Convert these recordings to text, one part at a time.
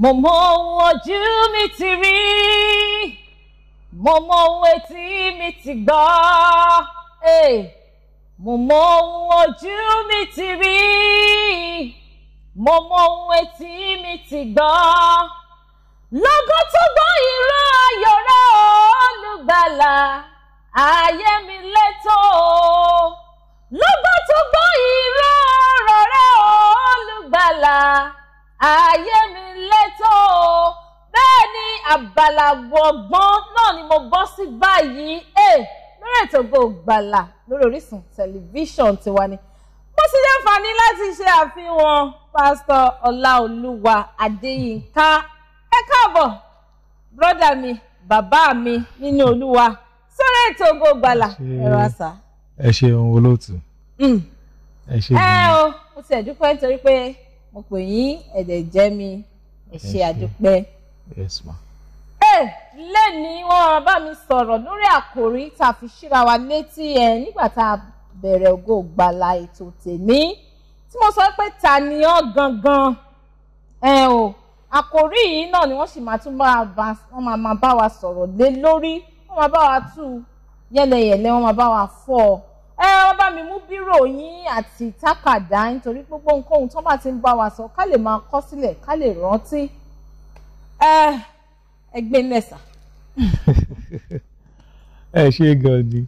mo mọ ohun ojú mi ti rí mo mọ ohun etí mi ti gbọ́ mo mọ ohun ojú mi ti rí mo mọ ohun etí mi ti gbọ́ lọ́gọ́ tó gbọ́ ìró ayọ̀ olùgbàlà ayé mi létò. àgbọ̀gbọ́n náà ni mo bọ́ sí báyìí eh, lórí ètò Ògo Ìgbàlà lórí Orísun tẹlifíṣàn tiwa ni mo sì láǹfààní láti ṣe àfihàn pásítọ̀ Ọláolúwa Adéyínká ẹ káàbọ̀ bọ́dà mi bàbá mi nínú Olúwa sórí ètò Ògo Ìgbàlà ẹ̀rọ àṣà. ẹ ṣeun olóòtú. Hmm. ẹ ṣeun. ẹ o mo ti ẹ̀dúpẹ́ nítorí pé mo pè yín ẹ̀dẹ̀ jẹ́ mi ẹ ṣe àdúpẹ́. yes ma bẹ́ẹ̀ lẹ́ni wọ́n bá mi sọ̀rọ̀ lórí àkòrí tá a fi ṣíra wa létí ẹ̀ nígbà tá a bẹ̀rẹ̀ Ògo Ìgbàlà ètò tèmi tí mo sọ pé ta ni ọ́ gangan ẹ o àkòrí yìí náà ni wọ́n sì máa tún wọ́n máa bá wa sọ̀rọ̀ lé lórí wọ́n máa bá wa tú yẹ́lẹyẹ̀lẹ wọ́n máa bá wa fọ́ ọ ẹ wọ́n bá mi mú bírò yín àti tákàdá nítorí gbogbo nǹkan tó bá ti ń bá wa sọ ká lè máa kọ sílẹ̀ ká lè rántí ẹgbẹ́ lẹ́sà. ẹ ṣe gan ni.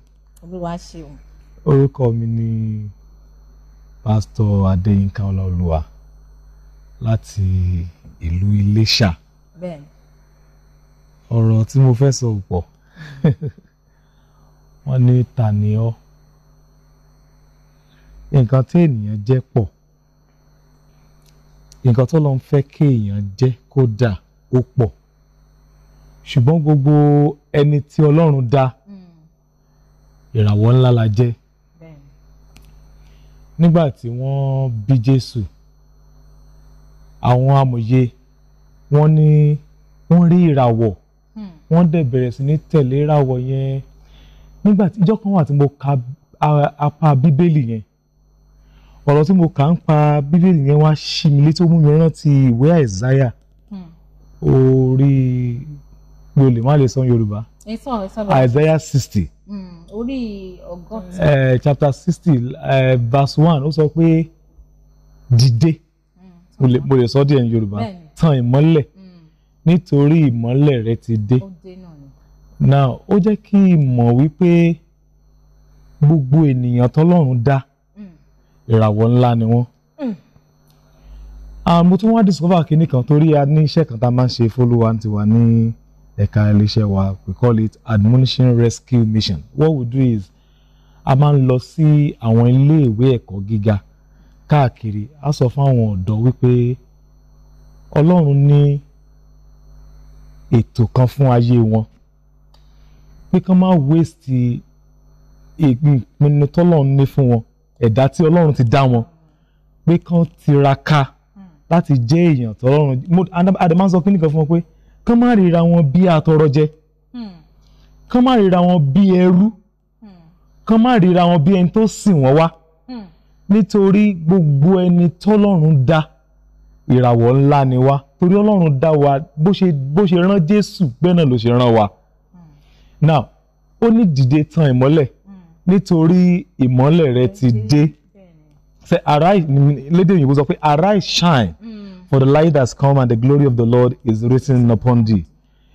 olúwa ṣeun. orúkọ mi ni pásítọ̀ adéyínká ọláolúwa láti ìlú iléṣà. bẹ́ẹ̀ni. ọ̀rọ̀ tí mo fẹ́ sọ pọ̀ wọ́n ní ta ni ọ́ nǹkan tí ènìyàn jẹ́ pọ̀ nǹkan tó lọ́n fẹ́ kéèyàn jẹ́ kó dà ó pọ̀ ṣùgbọ́n gbogbo ẹni tí ọlọ́run dá ìràwọ̀ ńlá la jẹ́ nígbà tí wọ́n bí Jésù àwọn amòye wọ́n ní wọ́n rí ìràwọ̀ hmm. wọ́n dẹ̀ bẹ̀rẹ̀ sí ní tẹ̀lé ìràwọ̀ yẹn nígbà tí ìjọ́ kan wà tí mo ka apá bíbélì yẹn ọ̀rọ̀ tí mo kà ń pa bíbélì yẹn wá sí mi létí ó mú mi rántí ìwé àìsáyà hmm. orí mi ò lè má lè sọ yorùbá isaiah sixty hmm, orí ọgọ́ta eh, chapter sixty eh, verse one ó sọ pé dìde hmm. mo lè sọ díẹ̀ ní yorùbá tan ìmọ́lẹ̀ hmm. nítorí ìmọ́lẹ̀ rẹ ti dé now ó jẹ́ kí n mọ̀ wípé gbogbo ènìyàn tọ́lọ́run dá ìràwọ̀ ńlá ni wọ́n ah, mo tún wá discover kínní kan torí a ní iṣẹ́ kan tá a máa ń ṣe fólúwa tiwa ní ẹ̀ka iléeṣẹ́ wa we call it admonition rescue mission what we do is a máa ń lọ sí àwọn iléèwé ẹ̀kọ́ gíga káàkiri a sọ fáwọn ọ̀dọ́ wípé ọlọ́run ní ètò kan fún ayé wọn pé kán má waste ìpinnu tọ́lọ́run ní fún wọn ẹ̀dá tí ọlọ́run ti dá wọn pé kán tiraka hmm. láti jẹ́ èèyàn tọ́lọ́run adamásọ kí nìkan fún wọn pé kán má ríra wọn bí atọrọ jẹ hmm. kán má ríra wọn bí ẹrú hmm. kán má ríra wọn bí ẹni tó sìn wọ́n wá hmm. nítorí gbogbo ẹni tọ́lọ́run dá ìràwọ̀ ńlá ni wá torí ọlọ́run dá wa bó ṣe bó ṣe rán jésù bẹ́ẹ̀ ló ṣe rán wa now ó ní dìde tan ìmọ́lẹ̀ nítorí ìmọ́lẹ̀ rẹ ti dé fẹ́ arise lédè òyìnbó sọ pé arise shine. Mm. For the light has come, and the glory of the Lord is written upon thee.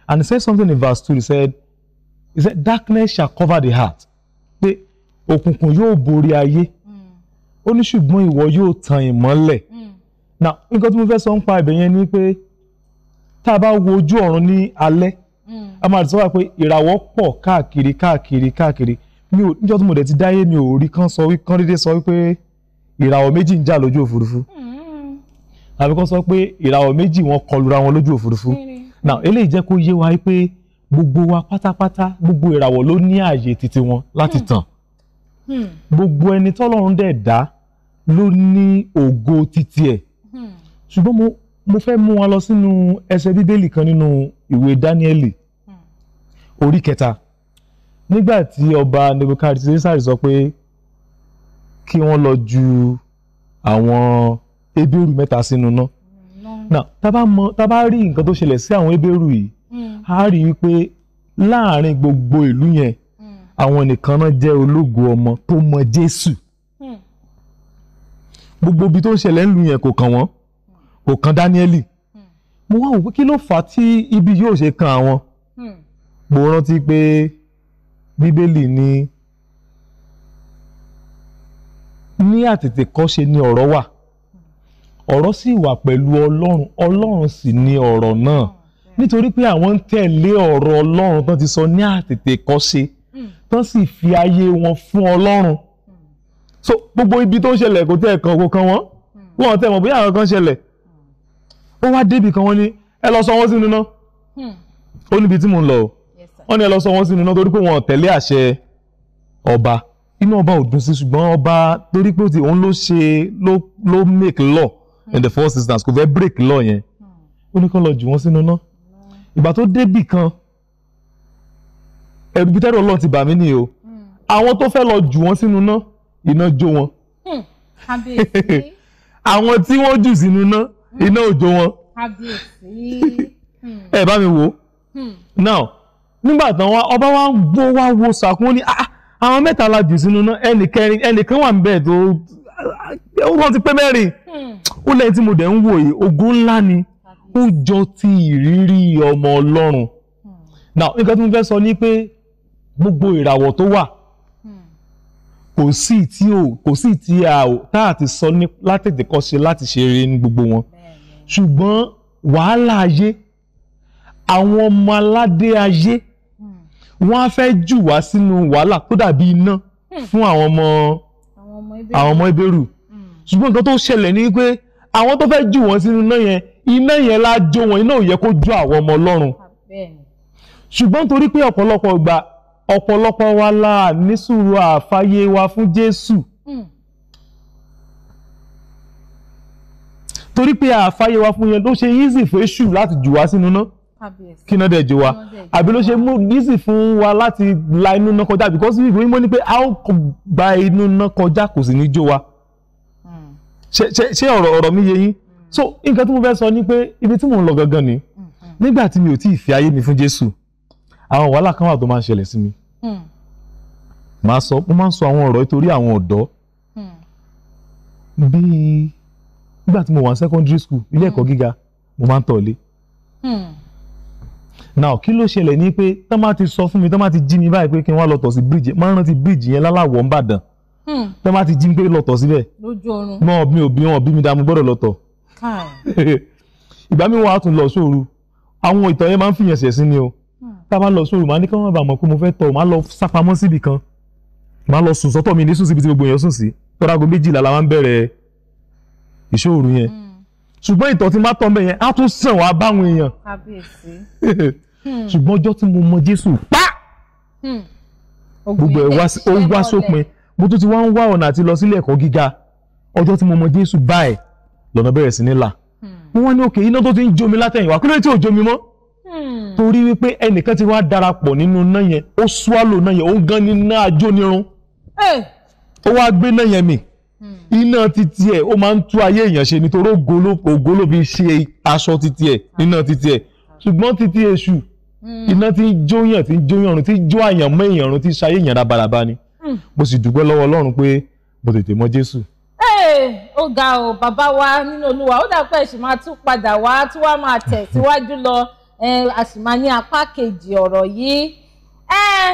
And he said something in verse 2. He said, He said, Darkness shall cover the heart. Pé òkùnkùn yóò borí ayé. Hmm. Ó ní ṣùgbọ́n ìwọ yóò tan ìmọ́lẹ̀. Hmm. Now, nǹkan tí mo fẹ́ sọ ń pa ibẹ̀ yẹn ni pé tá a bá wo ojú ọ̀run ní alẹ́, hmm. a máa sọ wá pé ìràwọ̀ pọ̀ káàkiri káàkiri káàkiri. Mi ò níjọ́ tí mo dẹ̀ ti dáyé mi ò rí kán sọ wí kán dédé sọ wípé ìràwọ̀ méjì ń jà lójú òfurufú. Mm tàbí kó sọ pé ìràwọ̀ méjì wọn kọlura wọn lójú òfurufú now eléyìí jẹ́ kó yé wa pé gbogbo wa pátápátá gbogbo ìràwọ̀ ló ní ààyè títí wọn láti hmm. tàn hmm. gbogbo ẹni tọ́lọ́run dẹ̀ dá ló ní ògo títí ẹ̀ hmm. ṣùgbọ́n mo mo fẹ́ mú wa lọ sínú ẹsẹ̀ bíbélì kan nínú ìwé Dáníẹ́lì orí kẹta nígbà tí ọba Nebukadnezari sọ pé kí wọ́n lọ ju àwọn ebéèrú mẹ́ta sínú ná now tábà mọ tábà rí nǹkan tó ṣẹlẹ̀ sí àwọn ebéèrú yìí hmm. a rí i pé láàárín gbogbo ìlú yẹn hmm. àwọn nìkan náà jẹ́ ológo ọmọ tó mọ Jésù hmm. gbogbo ibi tó ń ṣẹlẹ̀ ńlú yẹn kò kàn wọ́n kò kàn Dáníẹ́lì mo wá wò pé kí ló fà á tí ibi yóò ṣe kan àwọn mo rántí pé Bíbélì ni ní àtètèkọ́ṣe ni ọ̀rọ̀ wà ọ̀rọ̀ sì wà pẹ̀lú ọlọ́run ọlọ́run sì ni ọ̀rọ̀ náà hmm. nítorí pé àwọn ń tẹ̀lé ọ̀rọ̀ ọlọ́run tán ti sọ ní àtètè kọ́ṣe hmm. tán sì fi ayé wọn fún ọlọ́run hmm. so gbogbo ibi tó ń ṣẹlẹ̀ kò tẹ̀ kàn kò kan wọ́n wọ́n tẹ̀ mọ̀ bóyá àwọn kan ṣẹlẹ̀ ó wá débi kan wọ́n ní ẹ lọ sọ wọ́n sínú náà ó níbi tí mò ń lọ o wọ́n ní ẹ lọ sọ wọ́n sínú náà torí pé wọn tẹ̀lé àṣẹ ọba inú ọba ò dùn sí ṣùgbọ́n ọba torí pé òun ló ṣe ló ló make law in the first instance kò fẹ́ break law yẹn ó ní kán lọ jù wọ́n sínú náà ìgbà tó débì kan ẹ̀rù bíi ọlọ́run ti bà mí nìyí o àwọn tó fẹ́ lọ jù wọ́n sínú náà iná jó wọn àwọn tí wọ́n jù sínú náà iná ò wọn ẹ bá mi wò ó hmm. now nígbà tán wa ọba wa ń gbó wa wo sàkún ó ní ah, ah, àwọn mẹ́ta la jù sínú náà ẹnìkẹrin ẹnìkan wà ń bẹ̀ tó ó wọ́n ti pé mẹ́rin hmm. ó lẹ́yìn tí mo dẹ̀ ń wò yìí ògo ńlá ni ó jọ ti ìrírí ọmọ ọlọ́run hmm. now nǹkan tí mo fẹ́ sọ ni pé gbogbo ìràwọ̀ tó wà hmm. kò sí tí ò kò sí tí a ò tá àti sọ ní látètè kọ́ ṣe láti ṣe eré ní gbogbo wọn ṣùgbọ́n wàhálà ayé àwọn ọmọ aládé ayé wọ́n á fẹ́ jù wá sínú wàhálà tó dàbí iná fún àwọn ọmọ àwọn ọmọ ìbẹ̀rù ṣùgbọ́n nǹkan tó ṣẹlẹ̀ ni pé àwọn tó fẹ́ jù wọ́n sínú iná yẹn iná yẹn la jó wọn iná ò yẹ kó jó àwọn ọmọ ọlọ́run ṣùgbọ́n torí pé ọ̀pọ̀lọpọ̀ gbà ọ̀pọ̀lọpọ̀ wa la ní sùúrù àfàyè wa fún Jésù hmm. torí pé àfàyè wa fún yẹn ló ṣe easy fún èṣù láti jù wá sínú iná kí iná dẹ̀ jù wá àbí ló ṣe mú easy fún wa láti la inú iná kọjá because ìwé mímọ́ ni pé a ó gba inú iná kọjá kò sì ní jó wa ṣe ṣe ṣe ọ̀rọ̀ ọ̀rọ̀ mi yé yín hmm. so nǹkan tí mo fẹ́ sọ ni pé ibi tí mò ń lọ gangan ni hmm, hmm. nígbà tí mi ò tí ì fi ayé mi fún Jésù àwọn wàhálà kan wà tó máa ń ṣẹlẹ̀ sí mi màá sọ mo máa ń sọ àwọn ọ̀rọ̀ nítorí àwọn ọ̀dọ́ bíi nígbà tí mo wà ní secondary school ilé ẹ̀kọ́ gíga mo máa ń tọ̀lé now kí ló ṣẹlẹ̀ ni pé tán bá ti sọ fún mi tán bá ti jí mi báyìí pé kí n wá lọ tọ̀ sí bíríìjì máa ń rántí bíríìjì yẹn láláwọ̀ ń bàdàn tẹ́ hmm. bá ti jí pé lọ́tọ̀ síbẹ̀ náà mi ò bí wọn bí mi dá mo gbọ́dọ̀ lọ́tọ̀ ìgbà mi wà á tún lọ sóru àwọn ìtàn yẹn máa ń fìyàn ṣẹ̀sín ni o hmm. tá a bá lọ sóru màá ní kí wọ́n bá mọ̀ pé mo fẹ́ tọ̀ màá lọ sápamọ́ síbì kan màá lọ sùn sọ́tọ̀ mi ní sùn síbi tí gbogbo èèyàn sùn sí tọ́ra aago méjìlá la máa ń bẹ̀rẹ̀ ìṣòro yẹn hmm. ṣùgbọ́n ìtọ̀ tí má tọ́ mbẹ́ yẹn á tún sàn wá báwọn èèyàn ṣùgbọ́n ọjọ́ tí mo mọ Jésù pa gbogbo ẹ̀ ó wá sópin mo tún ti wá ń wá ọ̀nà àti lọ sílé ẹ̀kọ́ gíga ọjọ́ tí mo mọ Jésù báyìí lọ́nà bẹ̀rẹ̀ sí ní là hmm. mo wá ní òkè iná tó ti ń jó mi látẹ̀yìnwá kí ló dé tí ò jó mi mọ́ hmm. torí wípé ẹnìkan ti wá darapọ̀ nínú náà yẹn ó swallow náà yẹn ó ń gan ní náà ajó nírun eh. ó wá gbé náà yẹn mì hmm. iná titi ẹ̀ ó máa ń tú ayé èèyàn ṣe nítorí ògo ló fi ṣe aṣọ titi ẹ̀ iná titi ẹ̀ ṣùgbọ́n titi èṣù iná ti ń jóyàn ti ń jóyàn ọ̀run ti ń jó àyàn mọ́ èèyàn ọ̀run ti ń Hmm. mo sì dúpẹ́ lọ́wọ́ Ọlọ́run pé mo tètè mọ Jésù. Eh, ó ga ọ bàbá wa nínú Olúwa ó dàpọ̀ ẹ̀ sì máa tún padà wá tí wàá máa tẹ̀ síwájú lọ eh, a sì máa ní apá kejì ọ̀rọ̀ yìí eh,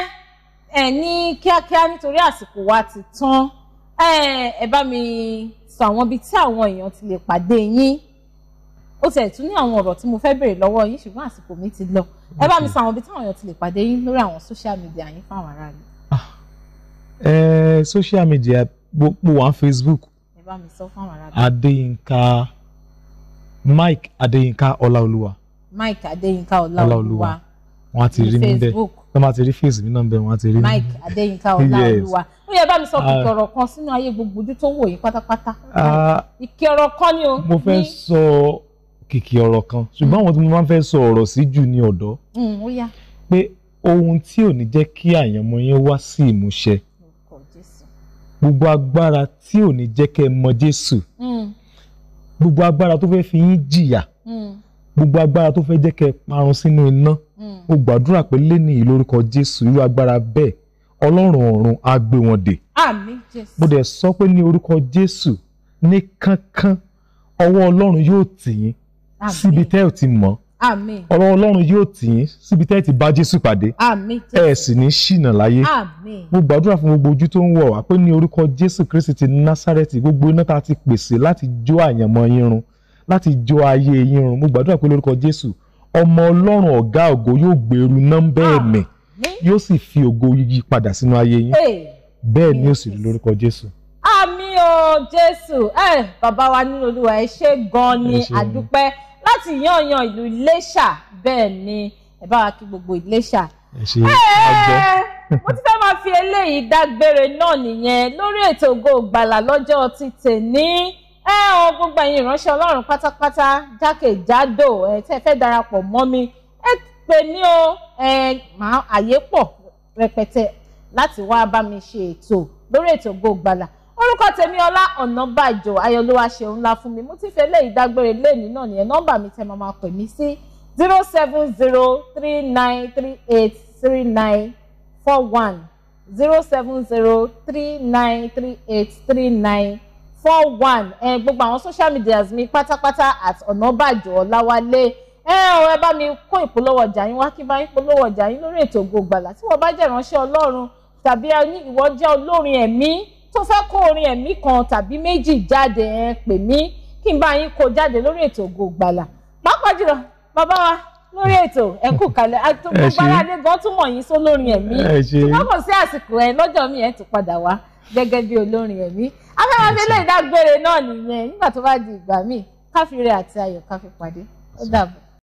ẹ ní kíákíá nítorí àsìkò wa ti tán ẹ bá mi sọ àwọn ibi tí àwọn èèyàn ti lè pàdé yín ó tiẹ̀ tún ní àwọn ọ̀rọ̀ tí mo fẹ́ béèrè lọ́wọ́ yín ṣùgbọ́n àsìkò mi ti lọ ẹ bá mi sọ àwọn ibi tí àwọn èèyàn ti lè pàdé yín lórí àwọn social media yín fáwọn aráàlú social media gbogbo wa Facebook Adeyinka, Mike Adeyinka Ọláolúwa Mike Adeyinka Ọláolúwa wọn ti rí mi bẹ wọn máa ti rí face mi náà bẹ wọn ti rí mi. Mike Adéyínká Ọláolúwa ó yẹ bá mi sọ kìkì ah. ọ̀rọ̀ kan sínú ayé gbogbo ojú tó wò yín pátápátá ah. ìkì ọ̀rọ̀ kan ni o. mo fẹ́ sọ kìkì ọ̀rọ̀ kan ṣùgbọ́n mm. àwọn tí mo máa ń fẹ́ sọ ọ̀rọ̀ sí jù ní ọ̀dọ́ mm, pé ohun tí ò ní jẹ́ kí àyànmọ́ yẹn wá sí ìmúṣẹ gbogbo agbára tí ò ní jẹ́ kẹ́ ẹ mọ Jésù hmm. gbogbo agbára tó fẹ́ fi yín jìyà hmm. gbogbo agbára tó fẹ́ jẹ́ kẹ́ ẹ parun sínú iná ó hmm. gbàdúrà pé lénìí lórúkọ Jésù irú agbára bẹ́ẹ̀ Ọlọ́run ọ̀run á gbé wọn dè àmín Jésù mo dẹ̀ sọ pé ní orúkọ Jésù ní kánkán ọwọ́ Ọlọ́run yóò tì yín síbi tẹ́ ò ti mọ̀ ọ́ àmín ọ̀rọ̀ ọlọ́run yóò tì yín síbi tẹ́ ti bá jésù pàdé àmín ẹ sì ní ṣìnà láyé àmín mo gbàdúrà fún gbogbo ojú tó ń wọ̀ wá pé ní orúkọ jésù kristi ti násárẹ́tì gbogbo iná tá a ti pèsè láti jó àyànmọ́ yín run láti jó ayé yín run mo gbàdúrà pé lórúkọ jésù ọmọ ọlọ́run ọ̀gá ògo yóò gbèrú nọ́mbà ẹ̀mẹ̀ yóò sì fi ògo yí padà sínú ayé yín bẹ́ẹ̀ ni ó sì rí lórúkọ jésù. àmín o jésù ẹ eh, bàbá wa nínú olúwa ẹ ṣé gan ni àdúpẹ́ láti yanyan ìlú Iléṣà bẹ́ẹ̀ ni ẹ bá wa kí gbogbo Iléṣà. ẹ ṣe àgbẹ̀. mo ti fẹ́ máa fi eléyìí dágbére náà nìyẹn lórí ètò Ògo Ìgbàlà lọ́jọ́ ti tèní ẹ ọ gbogbo ẹ̀yin ìránṣẹ́ Ọlọ́run pátápátá jákèjádò ẹ tẹ́ fẹ́ darapọ̀ mọ́ mi ẹ pè mí o ẹ máa àyè pọ̀ rẹpẹtẹ láti wá bá mi ṣe ètò lórí ètò Ògo orúkọ tèmi Ọlá Ọ̀nàbàjọ ayọ̀lúwa ṣeun ńlá fún mi mo ti fẹ́ lé ìdágbére lẹ́ẹ̀ni náà nìyẹn nọ́mbà mi tẹ́ máa pè mí sí zero seven zero three nine three eight three nine four one zero seven zero three nine three eight three nine four one ẹ gbogbo àwọn social medias mi pátápátá at Ọ̀nàbàjọ Ọláwálé ẹ ọ̀rọ̀ ẹ bá mi kó ìpolówó ọjà yín wá kí n bá yín polówó ọjà yín lórí ètò Ògo Ìgbàlà tí wọ́n bá jẹ́ ìránṣẹ́ Ọlọ́run tàbí ìwọ jẹ́ olórin ẹ̀mí tó fẹ́ kó orin ẹ̀mí kan tàbí méjì jáde ẹ pè mí kí n bá yín kó jáde lórí ètò Ògo Ìgbàlà pàápàá jùlọ bàbá wa lórí ètò ẹ kú kalẹ̀ gbogbo ara lè gan tún mọ̀ yín sólórin ẹ̀mí ṣùgbọ́n kò sí àsìkò ẹ lọ́jọ́ mi ẹ tún padà wá gẹ́gẹ́ bí olórin ẹ̀mí afẹ́wọ́n fi lè dágbére náà nìyẹn nígbà tó bá di ìgbà míì káfíńrẹ́ àti ayọ̀ káfí ó dàbọ̀.